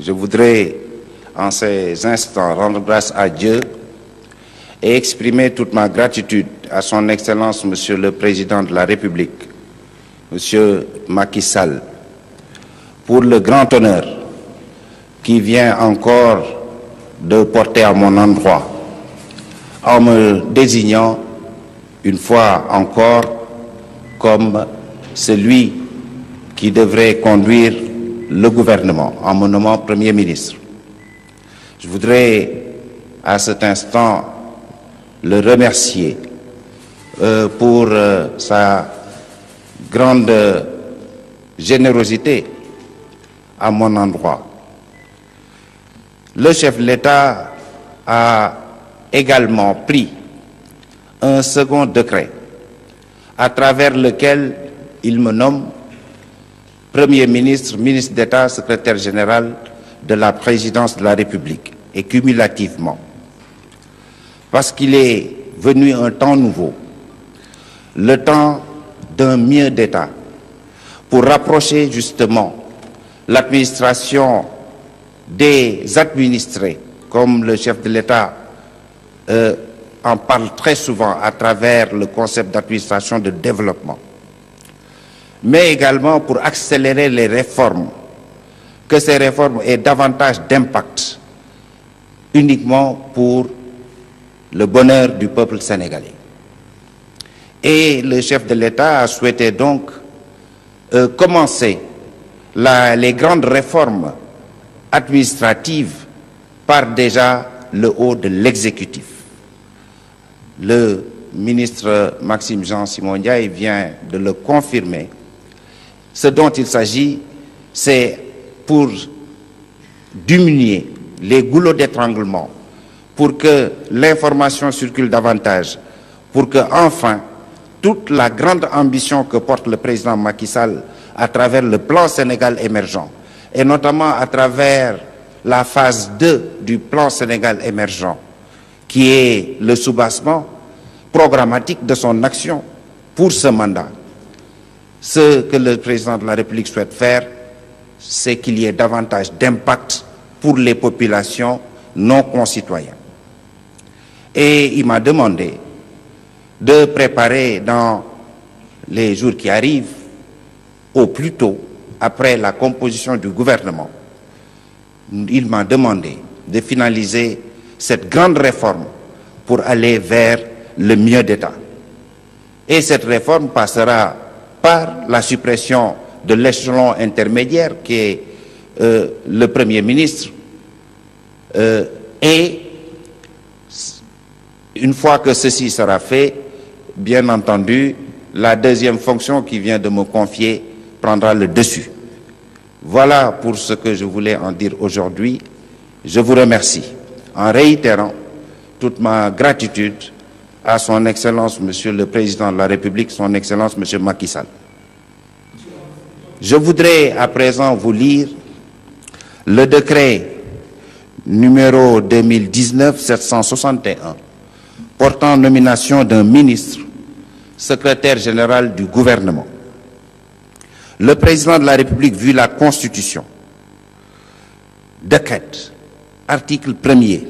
je voudrais en ces instants rendre grâce à Dieu et exprimer toute ma gratitude à Son Excellence Monsieur le Président de la République, Monsieur Macky Sall, pour le grand honneur qui vient encore de porter à mon endroit en me désignant une fois encore comme celui qui devrait conduire le gouvernement en me nommant Premier ministre. Je voudrais à cet instant le remercier euh, pour euh, sa grande générosité à mon endroit. Le chef de l'État a également pris un second décret à travers lequel il me nomme Premier ministre, ministre d'État, secrétaire général de la présidence de la République, et cumulativement, parce qu'il est venu un temps nouveau, le temps d'un mieux d'État, pour rapprocher justement l'administration des administrés, comme le chef de l'État euh, en parle très souvent à travers le concept d'administration de développement mais également pour accélérer les réformes, que ces réformes aient davantage d'impact uniquement pour le bonheur du peuple sénégalais. Et le chef de l'État a souhaité donc euh, commencer les grandes réformes administratives par déjà le haut de l'exécutif. Le ministre Maxime Jean Simondia vient de le confirmer ce dont il s'agit, c'est pour diminuer les goulots d'étranglement, pour que l'information circule davantage, pour que enfin toute la grande ambition que porte le président Macky Sall à travers le plan Sénégal émergent, et notamment à travers la phase 2 du plan Sénégal émergent, qui est le soubassement programmatique de son action pour ce mandat. Ce que le président de la République souhaite faire, c'est qu'il y ait davantage d'impact pour les populations non concitoyennes. Et il m'a demandé de préparer dans les jours qui arrivent, au plus tôt, après la composition du gouvernement, il m'a demandé de finaliser cette grande réforme pour aller vers le mieux d'État. Et cette réforme passera la suppression de l'échelon intermédiaire qui est euh, le Premier ministre euh, et une fois que ceci sera fait, bien entendu, la deuxième fonction qui vient de me confier prendra le dessus. Voilà pour ce que je voulais en dire aujourd'hui. Je vous remercie en réitérant toute ma gratitude à son Excellence Monsieur le Président de la République, son Excellence Monsieur Macky Sall. Je voudrais à présent vous lire le décret numéro 2019-761 portant nomination d'un ministre secrétaire général du gouvernement. Le président de la République, vu la Constitution, décrète, article 1er,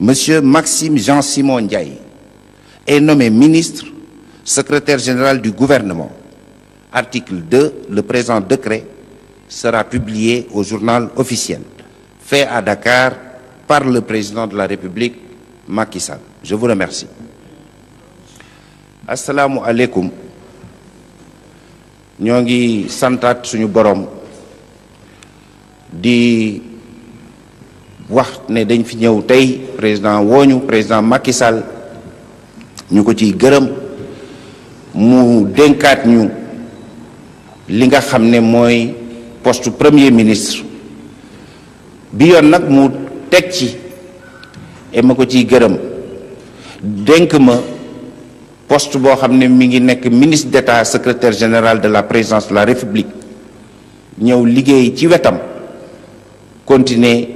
M. Maxime Jean-Simon Ndiaye, est nommé ministre, secrétaire général du gouvernement. Article 2, le présent décret sera publié au journal officiel, fait à Dakar par le président de la République, Macky Sall. Je vous remercie. Assalamu alaikum. Nyongi Santat di wax ne dañ président woñu président Macky Sall ñu ko ci gërëm mu dénkaat ñu li nga xamné moy poste premier ministre bi yon nak mu teg ci et mako ci ciy gërëm dénk ma poste bo xamné mi ngi nekk ministre d'État secrétaire général de la présidence de la République ñew liggéey ci wétam continuer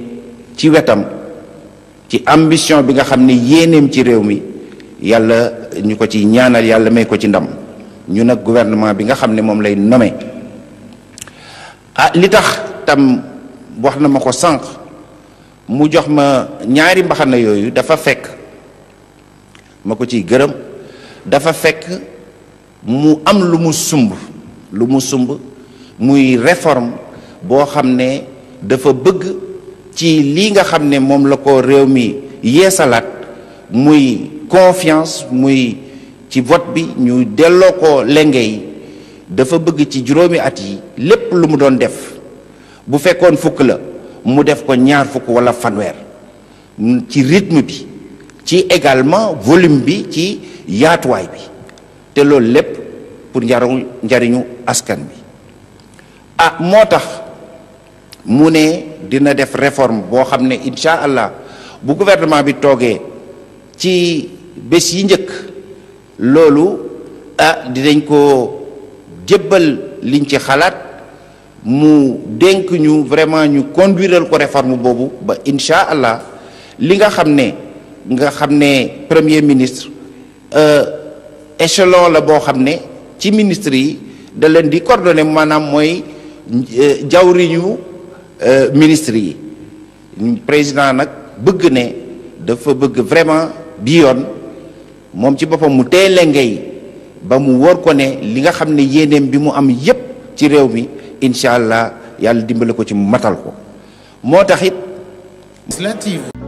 ci wétam ci ambition bi nga xamné ne ci réew mi yàlla ñu ko ci ñaanal yàlla may ko ci ndam ñu nag gouvernement bi nga xam ne moom lay nommé ah li tax tam wax na ma ko sànq mu jox ma ñaari mbaxana yooyu dafa fekk ma ko ciy gërëm dafa fekk mu am lu mu sumb lu mu sumb muy réforme boo xam ne dafa bëgg ci lii nga xam ne moom la ko réew mi yeesalaat muy confiance muy ci vote bi ñu delloo ko lenge yi dafa bëgg ci juróomi at yi lépp lu mu doon def bu fekkoon fukk la mu def ko ñaar fukk walla fanweer ci rythme bi ci également volume bi ci yaatuwaay bi te loolu lépp pour njaru njariñu askan bi ah moo tax mu ne dina def réforme boo xam ne incha allah bu gouvernement bi toogee ci bes yi njëkk loolu ah dinañ ko jébbal liñ ci xalaat mu dénk ñu vraiment ñu conduiral ko réforme boobu ba incha allah li nga xam ne nga xam ne premier ministre euh, échelon la boo xam ne ci ministre yi da leen di coordonné maanaam mooy euh, jawriñu euh, ministre yi président nag bëgg ne dafa bëgg vraiment bi yoon moom ci boppam mu teele ngay ba mu wóor ko ne li nga xam ne yéeneem bi mu am yépp ci réew mi incha allah yàlla dimbale ko ci mu matal ko moo taxit it